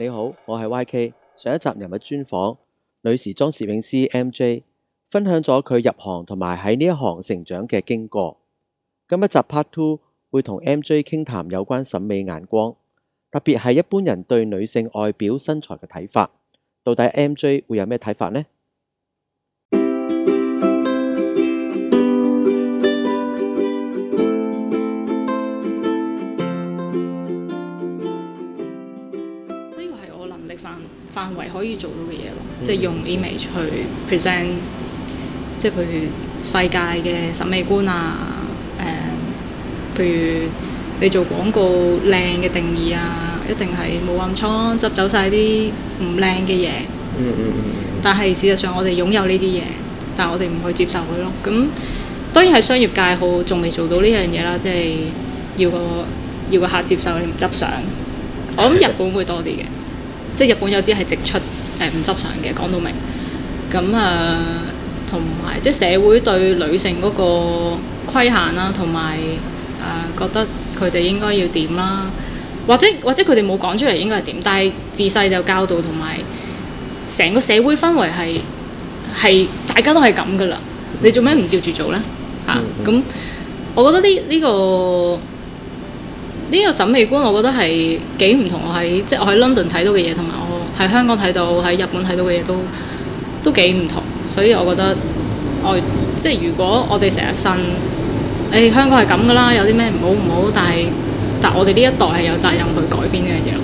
你好，我係 YK。上一集人物專訪女時裝攝影師 MJ，分享咗佢入行同埋喺呢一行成長嘅經過。今一集 Part Two 會同 MJ 傾談有關審美眼光，特別係一般人對女性外表身材嘅睇法，到底 MJ 會有咩睇法呢？可以做到嘅嘢咯，嗯、即係用 image 去 present，嗯、即係譬如世界嘅審美觀啊，誒、呃，譬如你做廣告靚嘅定義啊，一定係冇暗瘡執走晒啲唔靚嘅嘢。嗯嗯，但係事實上我哋擁有呢啲嘢，但係我哋唔去接受佢咯。咁當然係商業界好，仲未做到呢樣嘢啦，即係要個要個客接受你唔執相。我諗日本會多啲嘅。即係日本有啲係直出，誒、呃、唔執常嘅，講到明。咁啊，同、呃、埋即係社會對女性嗰個規限啦，同埋誒覺得佢哋應該要點啦，或者或者佢哋冇講出嚟應該係點，但係自細就教導同埋成個社會氛圍係係大家都係咁噶啦，你做咩唔照住做咧？嚇、嗯嗯，咁、啊、我覺得呢呢、呢個。呢個審美觀，我覺得係幾唔同。我喺即係我喺 London 睇到嘅嘢，同埋我喺香港睇到、喺日本睇到嘅嘢都都幾唔同。所以，我覺得我即係如果我哋成日信誒香港係咁㗎啦，有啲咩唔好唔好，但係但係我哋呢一代係有責任去改變呢樣嘢。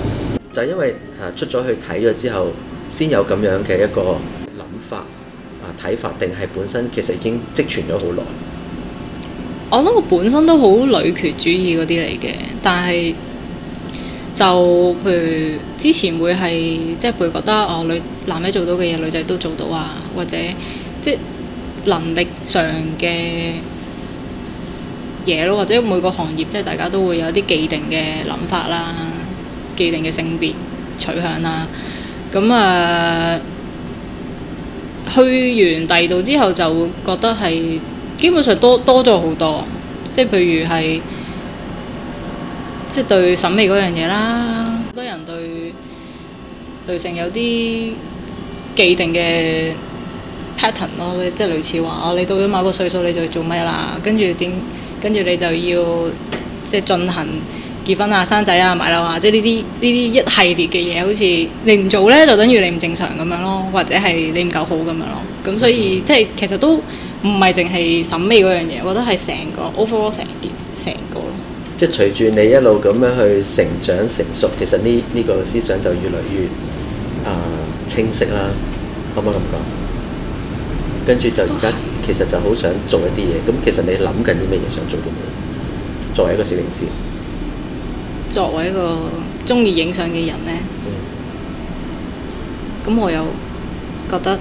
就因為誒出咗去睇咗之後，先有咁樣嘅一個諗法啊睇法，定係本身其實已經積存咗好耐？我諗我本身都好女權主義嗰啲嚟嘅，但係就譬如之前會係即係會覺得哦女男仔做到嘅嘢女仔都做到啊，或者即係能力上嘅嘢咯，或者每個行業即係大家都會有啲既定嘅諗法啦、既定嘅性別取向啦，咁啊、呃、去完第二度之後就會覺得係。基本上多多咗好多，即係譬如係，即係對審美嗰樣嘢啦，好多人對對女性有啲既定嘅 pattern 咯，即係類似話哦，你到咗某個歲數，你就做咩啦？跟住點？跟住你就要即係進行結婚啊、生仔啊、買樓啊，即係呢啲呢啲一系列嘅嘢，好似你唔做咧，就等於你唔正常咁樣咯，或者係你唔夠好咁樣咯。咁所以即係其實都。唔係淨係審美嗰樣嘢，我覺得係成個 overall 成件成個咯。個即係隨住你一路咁樣去成長成熟，其實呢呢、呢個思想就越嚟越啊、呃、清晰啦，可唔可以咁講？跟住就而家其實就好想做一啲嘢。咁、啊、其實你諗緊啲咩嘢想做啲咩？作為一個攝影師，作為一個中意影相嘅人咧，咁、嗯、我又覺得。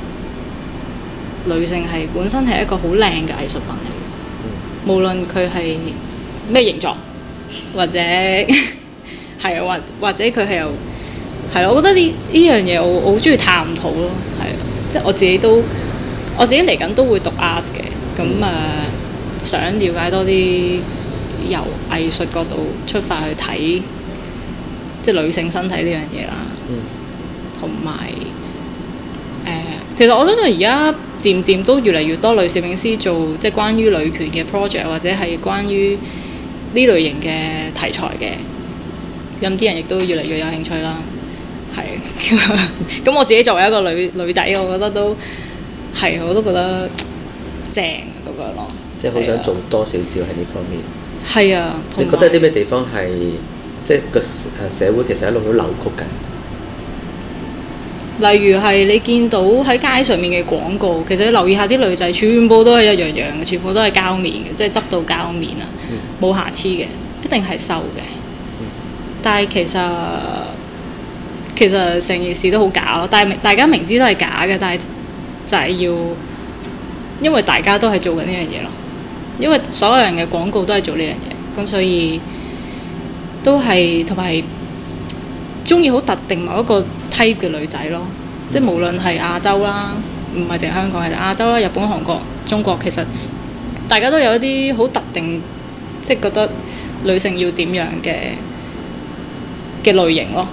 女性係本身係一個好靚嘅藝術品嚟嘅，無論佢係咩形狀，或者係 啊，或或者佢係由係咯、啊。我覺得呢呢樣嘢我我好中意探討咯，係、啊、即係我自己都我自己嚟緊都會讀 art 嘅，咁啊、呃、想了解多啲由藝術角度出發去睇即係女性身體呢樣嘢啦，同埋誒其實我相信而家。漸漸都越嚟越多女攝影師做即係關於女權嘅 project 或者係關於呢類型嘅題材嘅，咁啲人亦都越嚟越有興趣啦。係，咁 我自己作為一個女女仔，我覺得都係，我都覺得正咁樣咯。那個、即係好想做多少少喺呢方面。係啊，你覺得啲咩地方係即係個社會其實一路都扭曲緊？例如係你見到喺街上面嘅廣告，其實你留意下啲女仔，全部都係一樣樣嘅，全部都係膠面嘅，即係執到膠面啊，冇、嗯、瑕疵嘅，一定係瘦嘅。嗯、但係其實其實成件事都好假咯，但係大家明知都係假嘅，但係就係要因為大家都係做緊呢樣嘢咯，因為所有人嘅廣告都係做呢樣嘢，咁所以都係同埋鍾意好特定某一個 type 嘅女仔咯，即係無論係亞洲啦，唔係淨係香港，係亞洲啦、日本、韓國、中國，其實大家都有一啲好特定，即係覺得女性要點樣嘅嘅類型咯，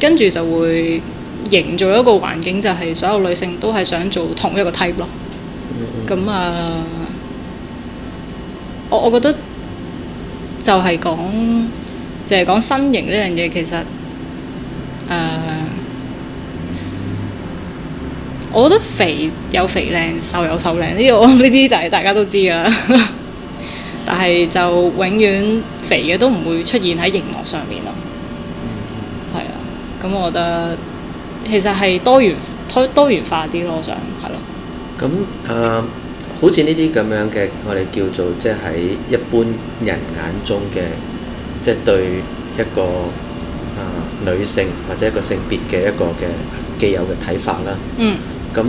跟住就會營造一個環境，就係所有女性都係想做同一個 type 咯。咁啊，我我覺得就係講，就係講身形呢樣嘢，其實誒。我覺得肥有肥靚，瘦有瘦靚。呢個呢啲就係大家都知啦。但係就永遠肥嘅都唔會出現喺熒幕上面咯。嗯。係啊，咁我覺得其實係多元多多元化啲咯，想係咯。咁誒、呃，好似呢啲咁樣嘅，我哋叫做即係喺一般人眼中嘅，即係對一個、呃、女性或者一個性別嘅一個嘅既有嘅睇法啦。嗯。咁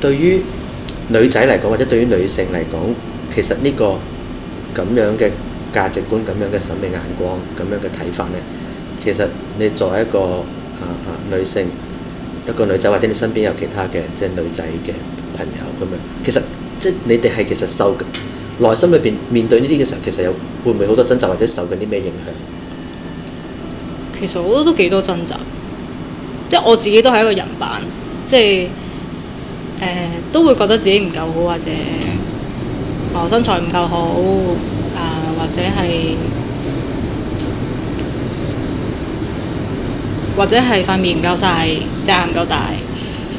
對於女仔嚟講，或者對於女性嚟講，其實呢個咁樣嘅價值觀、咁樣嘅審美眼光、咁樣嘅睇法呢，其實你作為一個、呃呃、女性，一個女仔，或者你身邊有其他嘅即係女仔嘅朋友咁樣，其實即係你哋係其實受內心裏邊面對呢啲嘅時候，其實有會唔會好多掙扎，或者受緊啲咩影響？其實我覺得都幾多掙扎，即係我自己都係一個人版，即係。呃、都會覺得自己唔夠好，或者身材唔夠好，或者係，或者係塊面唔夠細，隻眼唔夠大，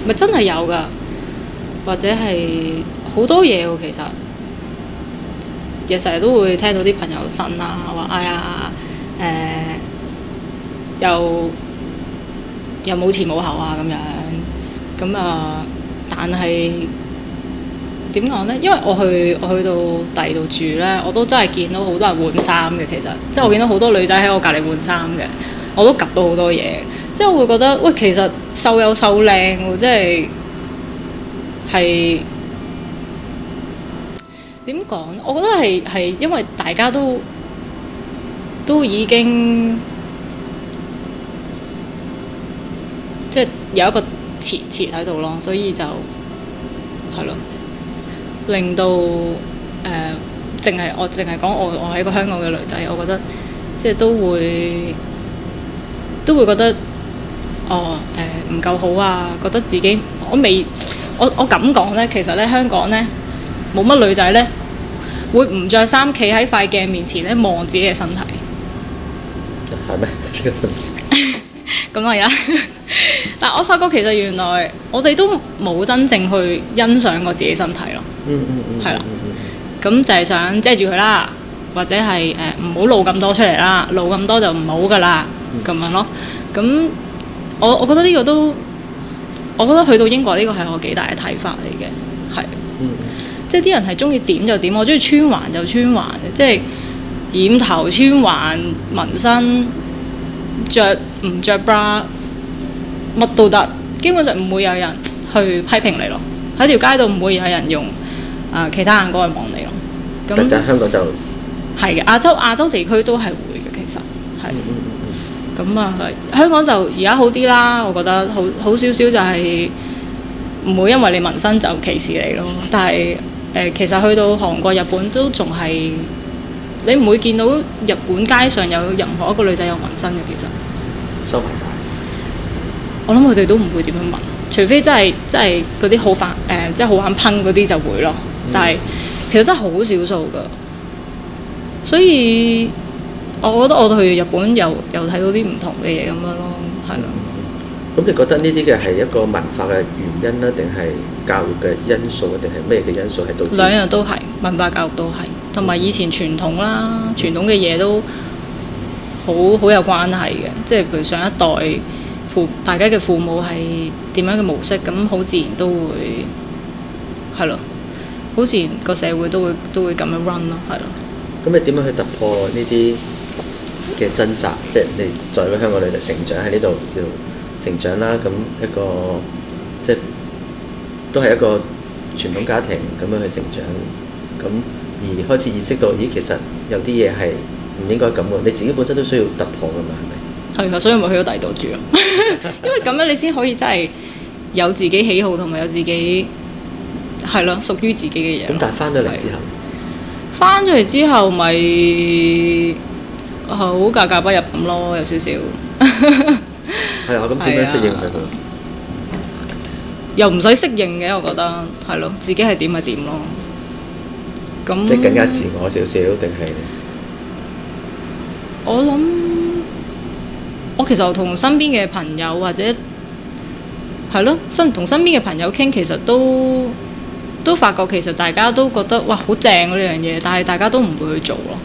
咪真係有㗎。或者係好多嘢喎，啊，其實日成日都會聽到啲朋友呻啊，話哎呀誒，呃、又又冇前冇後啊咁樣，咁啊～、呃但係點講呢？因為我去我去到第二度住呢，我都真係見到好多人換衫嘅。其實，即係我見到好多女仔喺我隔離換衫嘅，我都 𥄫 到好多嘢。即我會覺得喂，其實瘦又瘦靚，即係係點講？我覺得係係因為大家都都已經即係、就是、有一個。遲遲喺度咯，所以就係咯，令到誒，淨、呃、係我淨係講我我係一個香港嘅女仔，我覺得即係都會都會覺得哦，誒、呃、唔夠好啊，覺得自己我未我我咁講咧，其實咧香港咧冇乜女仔咧會唔着衫企喺塊鏡面前咧望自己嘅身體，係咩是嗎？咁啊呀！但我發覺，其實原來我哋都冇真正去欣賞過自己身體咯，係啦， 咁就係想遮住佢啦，或者係誒唔好露咁多出嚟啦，露咁多就唔好噶啦，咁 樣咯。咁我我覺得呢個都，我覺得去到英國呢個係我幾大嘅睇法嚟嘅，係， 即係啲人係中意點就點，我中意穿環就穿環，即係染頭穿環紋身着唔着 bra。乜都得，基本上唔會有人去批評你咯。喺條街度唔會有人用啊、呃、其他眼光去望你咯。咁，特香港就係亞洲亞洲地區都係會嘅，其實係。咁啊、嗯嗯嗯，香港就而家好啲啦，我覺得好好少少就係唔會因為你紋身就歧視你咯。但係誒、呃，其實去到韓國、日本都仲係你唔會見到日本街上有任何一個女仔有紋身嘅，其實收埋曬。我諗佢哋都唔會點樣問，除非真係真係嗰啲好煩誒、呃，即係好玩噴嗰啲就會咯。但係其實真係好少數噶，所以我覺得我去日本又又睇到啲唔同嘅嘢咁樣咯，係咯。咁你覺得呢啲嘅係一個文化嘅原因啦，定係教育嘅因素，定係咩嘅因素係導致？兩樣都係文化教育都係，同埋以前傳統啦，傳統嘅嘢都好好有關係嘅，即係譬如上一代。大家嘅父母係點樣嘅模式，咁好自然都會係咯，好自然個社會都會都會咁樣 run 咯，係咯。咁你點樣去突破呢啲嘅掙扎？即係你作為一個香港女仔成長喺呢度，叫成長啦。咁一個即係都係一個傳統家庭咁樣去成長，咁而開始意識到，咦，其實有啲嘢係唔應該咁嘅。你自己本身都需要突破㗎嘛，係咪？所以咪去咗第二度住咯， 因為咁樣你先可以真係有自己喜好同埋有自己，係咯，屬於自己嘅嘢。咁但係翻咗嚟之後，翻咗嚟之後咪好格格不入咁咯，有少少。係 啊，咁點樣適應佢？了 又唔使適應嘅，我覺得係咯，自己係點咪點咯。咁即係更加自我少少定係？我諗。我其實我同身邊嘅朋友或者係咯，身同身邊嘅朋友傾，其實都都發覺其實大家都覺得哇，好正呢樣嘢，但係大家都唔會去做咯。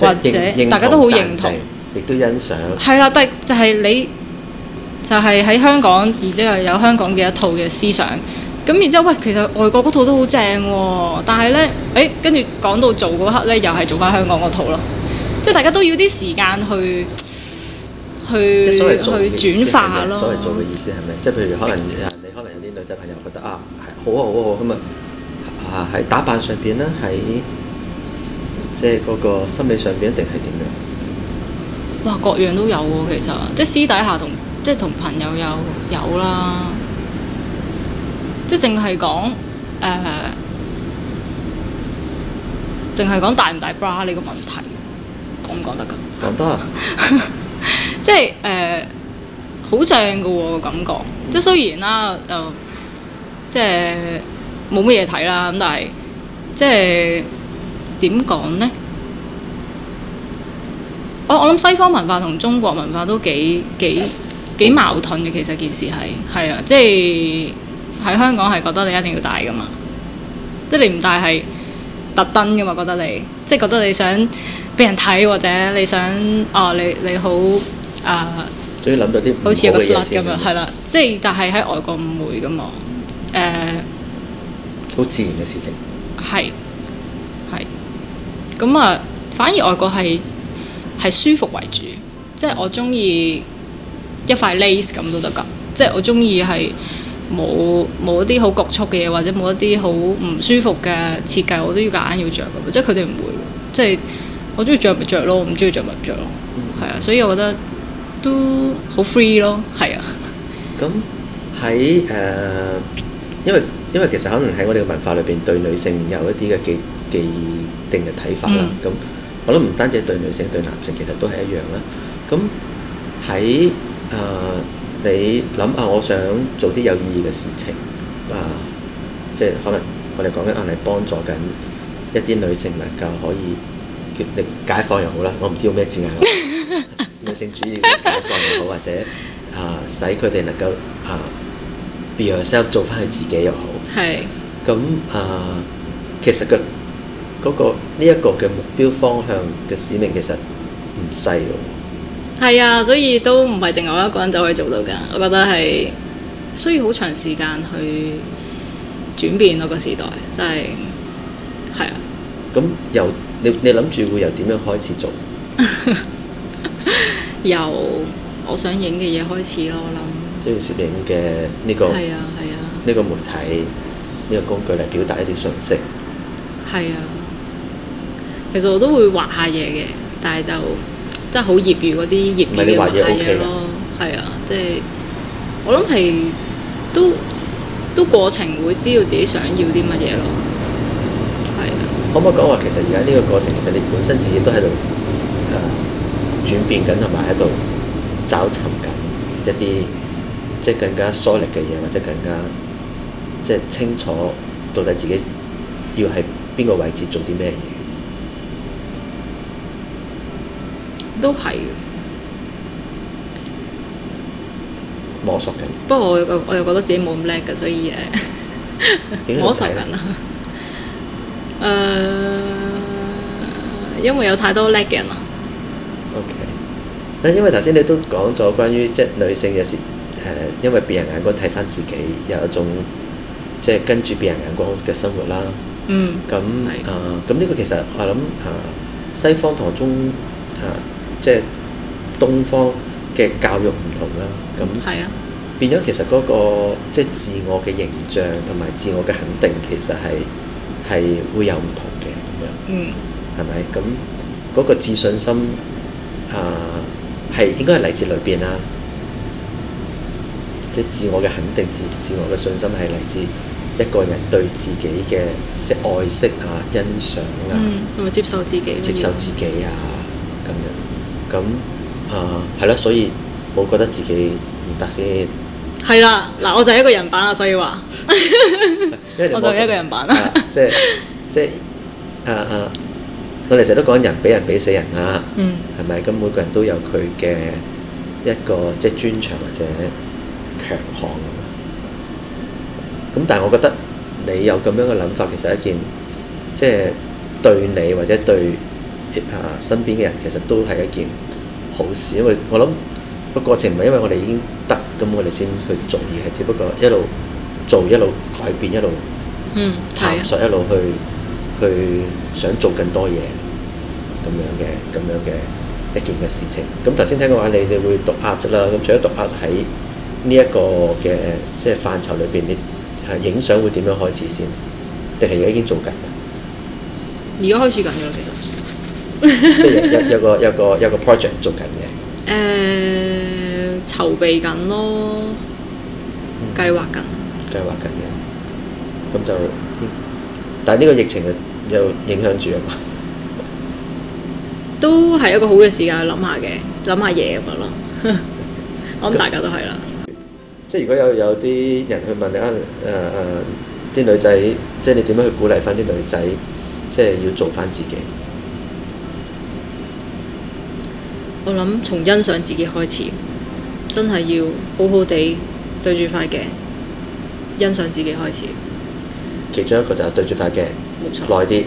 或者認同 大家都好認同，亦都欣賞。係啦，但係就係你就係、是、喺香港，然之後有香港嘅一套嘅思想。咁然之後，喂，其實外國嗰套都好正喎，但係呢，誒、哎，跟住講到做嗰刻呢，又係做翻香港嗰套咯。即係大家都要啲時間去。去去轉化咯，所謂做嘅意思係咪？ 即係譬如可能你，你可能有啲女仔朋友覺得啊，好啊好啊咁啊，啊喺打扮上邊咧，喺即係嗰個心理上邊一定係點樣？哇，各樣都有喎、啊，其實即係私底下同即係同朋友有，有啦，即係淨係講誒，淨係講大唔大 bra 呢個問題，講唔講得㗎？講得呀。即係誒、呃、好正嘅喎，感覺即係雖然啦，誒、呃、即係冇乜嘢睇啦。咁但係即係點講呢？我我諗西方文化同中國文化都幾幾幾矛盾嘅。其實件事係係啊，即係喺香港係覺得你一定要戴嘅嘛，即係你唔戴係特登嘅嘛。覺得你即係覺得你想俾人睇，或者你想啊、哦，你你好。啊，誒，uh, 好似一個 slut 咁樣，係啦，即係但係喺外國唔會噶嘛，誒，好自然嘅事情，係，係，咁啊，反而外國係係舒服為主，即係我中意一塊 lace 咁都得噶，即係我中意係冇冇一啲好局促嘅嘢，或者冇一啲好唔舒服嘅設計，我都要夾硬要着。噶即係佢哋唔會，即係我中意着咪著咯，我唔中意着咪着咯，係啊、嗯，所以我覺得。都好 free 咯，係啊。咁喺誒，因為因為其實可能喺我哋嘅文化裏邊，對女性有一啲嘅既既定嘅睇法啦。咁、嗯、我諗唔單止對女性，對男性其實都係一樣啦。咁喺誒，你諗下我想做啲有意義嘅事情啊、呃，即係可能我哋講緊啊，係幫助緊一啲女性能夠可以叫你解放又好啦。我唔知用咩字眼。 女性主義嘅解放又好， 或者啊，使佢哋能夠啊、uh，be yourself 做翻佢自己又好。係咁啊，uh, 其實嘅、那、嗰個呢一、這個嘅目標方向嘅使命其實唔細喎。係啊，所以都唔係淨係我一個人就可以做到噶。我覺得係需要好長時間去轉變嗰個時代，但係係啊。咁由你你諗住會由點樣開始做？ 由我想影嘅嘢開始咯，我諗。即係攝影嘅呢個，係啊，係啊，呢個媒體，呢個工具嚟表達一啲信息。係啊，其實我都會畫下嘢嘅，但係就真係好業餘嗰啲，業餘嘅畫嘢咯，係、okay、的啊，即、就、係、是、我諗係都都過程會知道自己想要啲乜嘢咯。係啊，可唔可以講話其實而家呢個過程，其實你本身自己都喺度。轉變緊同埋喺度找尋緊一啲即係更加 solid 嘅嘢，或者更加即係、就是、清楚到底自己要喺邊個位置做啲咩嘢。都係嘅。摸索緊。不過 我又覺得自己冇咁叻嘅，所以摸索緊啊。誒， 因為有太多叻嘅人啦。O K，嗱，okay. 因為頭先你都講咗關於即係女性有時誒、呃，因為別人眼光睇返自己，有一種即係跟住別人眼光嘅生活啦。嗯。咁啊那，咁呢是、呃、個其實我諗啊，西方同中啊、呃，即係東方嘅教育唔同啦。咁係啊。變咗其實嗰、那個即係自我嘅形象同埋自我嘅肯定，其實係係會有唔同嘅咁樣。嗯。係咪？咁嗰個自信心。啊，係、uh, 應該係嚟自裏邊啦，即自，自我嘅肯定，自自我嘅信心係嚟自一個人對自己嘅即愛惜啊、欣賞啊，係咪、嗯、接受自己，接受自己啊，咁要樣咁啊，係咯，所以我覺得自己唔得先，係啦，嗱，我就係一個人版啦，所以話， 我就係一個人版啦、 uh,，即即啊啊。Uh, 我哋成日都講人俾人俾死人啦，係咪、嗯？咁每個人都有佢嘅一個即係專長或者強項。咁但係我覺得你有咁樣嘅諗法，其實一件即係、就是、對你或者對啊身邊嘅人，其實都係一件好事，因為我諗個過程唔係因為我哋已經得，咁我哋先去做，而係只不過一路做一路改變，一路探索，嗯，係啊，一路去。去想做更多嘢咁樣嘅，咁樣嘅一件嘅事情。咁頭先聽嘅話，你你會讀壓質啦。咁除咗讀壓喺呢一個嘅即係範疇裏邊，你係影相會點樣開始先？定係而家已經做緊？而家開始緊嘅啦，其實。即 係有有，有個有個有個 project 做緊嘅。誒、呃，籌備緊咯，計劃緊，計劃緊嘅。咁、嗯、就，但係呢個疫情有影響住啊嘛，都係一個好嘅時間去諗下嘅，諗下嘢咁樣咯。我諗大家都係啦。即係如果有有啲人去問你啊，誒誒啲女仔，即係你點樣去鼓勵翻啲女仔，即係要做翻自己？我諗從欣賞自己開始，真係要好好地對住塊鏡，欣賞自己開始。其中一個就係對住塊鏡。耐啲，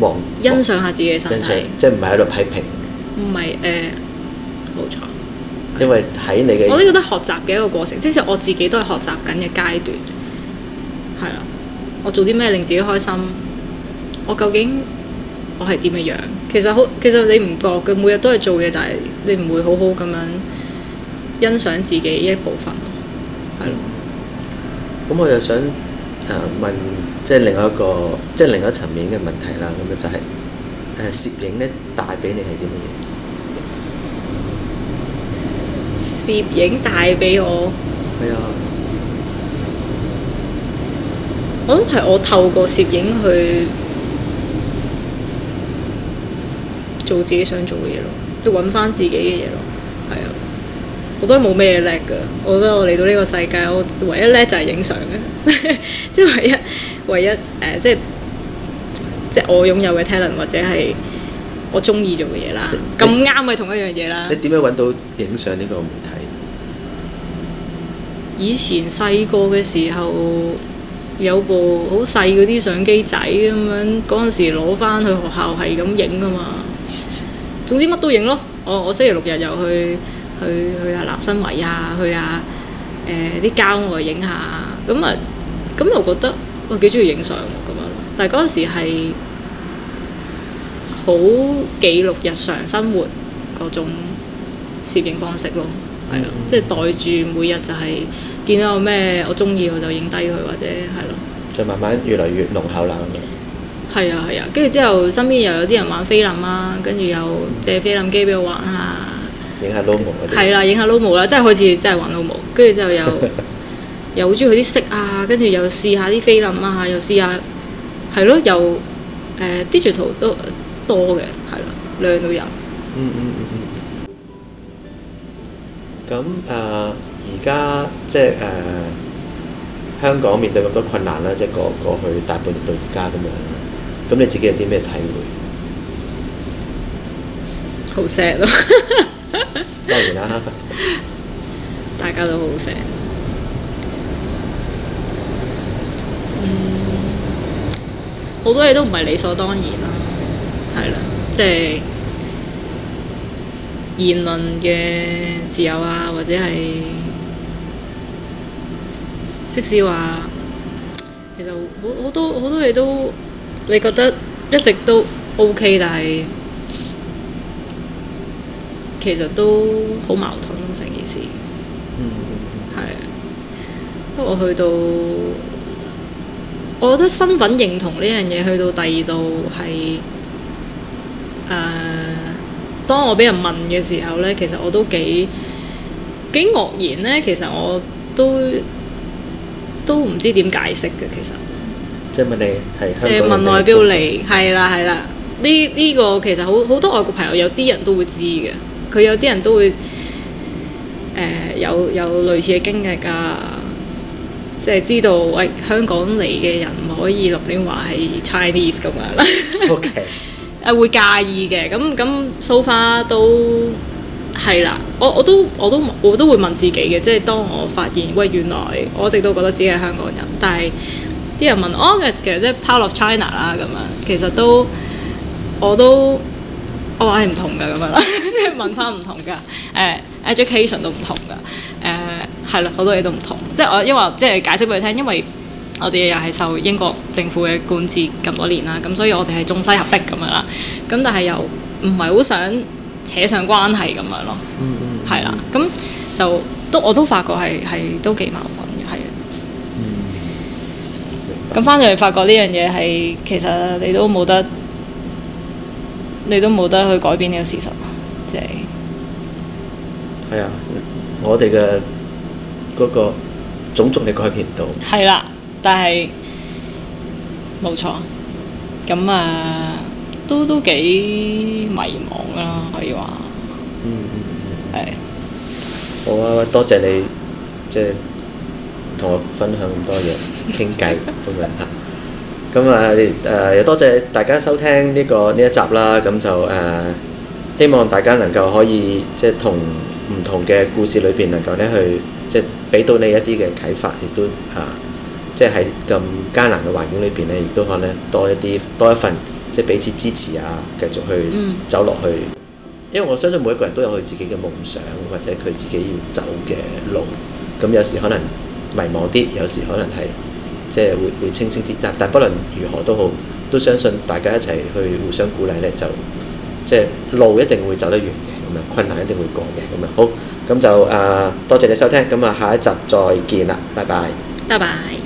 望欣賞下自己嘅身體，即係唔係喺度批評？唔係誒，呃，冇錯。因為喺你嘅，我都覺得學習嘅一個過程，即使我自己都係學習緊嘅階段，係啦。我做啲咩令自己開心？我究竟我係點嘅樣？其實好，其實你唔覺嘅，每日都係做嘢，但係你唔會好好咁樣欣賞自己一部分，係咯。咁，嗯，我就想。誒、啊、問，即係另外一個，即係另外一層面嘅問題啦。咁嘅就係、是、誒攝影呢，帶畀你係啲乜嘢？攝影帶畀我係啊！哎、呀我諗係我透過攝影去做自己想做嘅嘢咯，都揾翻自己嘅嘢咯，係啊！我都係冇咩叻㗎，我覺得我嚟到呢個世界，我唯一叻就係影相嘅，即係唯一唯一誒、呃，即係即係我擁有嘅 talent 或者係我中意做嘅嘢啦，咁啱係同一樣嘢啦。你點樣揾到影相呢個媒體？以前細個嘅時候有部好細嗰啲相機仔咁樣，嗰陣時攞返去學校係咁影㗎嘛。總之乜都影咯，我我星期六日又去。去去下南山圍啊，去下誒啲郊外影下、啊，咁啊咁又覺得我幾中意影相喎咁樣咯、啊啊。但係嗰陣時係好記錄日常生活嗰種攝影方式咯，係啊，啊嗯、即係袋住每日就係見到有咩我中意我就影低佢，或者係咯。就、啊、慢慢越嚟越濃厚啦咁樣。係啊係啊，跟住、啊、之後身邊又有啲人玩菲林啊，跟住又借菲林機俾我玩下、啊。影下 Lomo 嗰啲，係啦，影下 Lomo 啦，真係開始真係玩 Lomo，跟住就又 又好中意佢啲色啊，跟住又試下啲菲林啊，又試下係咯，又誒、呃、digital 都多嘅，係啦，靚到人。嗯嗯嗯嗯。咁、嗯、誒，而家、呃、即係誒、呃、香港面對咁多困難啦，即係過過去大半年到而家咁樣，咁你自己有啲咩體會？好 sad 咯～當然啦， 大家都好醒。嗯，好多嘢都唔係理所當然啦，係啦，即係言論嘅自由啊，或者係，即使話，其實好好多好多嘢都，你覺得一直都 OK，但係。其實都好矛盾咯，成件事。嗯，係。因為我去到，我覺得身份認同呢樣嘢去到第二度係，誒、呃，當我俾人問嘅時候咧，其實我都幾幾愕然咧。其實我都都唔知點解釋嘅，其實。即係問你係香港人。即係問外表嚟，係啦係啦。呢呢、嗯，這個其實好好多外國朋友有啲人都會知嘅。佢有啲人都會誒、呃、有有類似嘅經歷啊，即係知道喂香港嚟嘅人唔可以立亂話係 Chinese 咁樣。 OK，誒會介意嘅。咁咁 so far 都係啦。我我都我都我都，我都會問自己嘅，即係當我發現喂原來我一直都覺得自己係香港人，但係啲人問哦，其實即係 part of China 啦咁樣，其實都我都。我話係唔同㗎咁樣啦，即 係文化唔同㗎，誒、呃、education 都唔同㗎，誒係啦，好多嘢都唔同。即係我因為即係解釋俾你聽，因為我哋又係受英國政府嘅管治咁多年啦，咁所以我哋係中西合璧咁樣啦。咁但係又唔係好想扯上關係咁樣咯。嗯係啦，咁、hmm. 就都我都發覺係係都幾矛盾嘅，係。嗯、mm。咁翻嚟發覺呢樣嘢係其實你都冇得。你都冇得去改變呢個事實，即係係啊！我哋嘅嗰個種族你改變唔到。係啦，但係冇錯咁啊，都都幾迷茫啦，可以話嗯嗯嗯係的好啊！多謝你，即係同我分享咁多嘢傾偈，多謝 咁啊，誒又、呃、多謝大家收聽呢、呢個呢一集啦。咁就誒、呃，希望大家能夠可以即係同唔同嘅故事裏邊能夠呢去，即係俾到你一啲嘅啟發，亦都啊、呃，即係喺咁艱難嘅環境裏邊呢，亦都可能多一啲，多一份即係彼此支持啊，繼續去走落去。嗯、因為我相信每一個人都有佢自己嘅夢想，或者佢自己要走嘅路。咁有時可能迷茫啲，有時可能係。即係會會清醒啲，但但無論如何都好，都相信大家一齊去互相鼓勵咧，就即係路一定會走得完嘅咁樣，困難一定會過嘅咁樣。好，咁就誒、呃、多謝你收聽，咁啊下一集再見啦，拜拜，拜拜。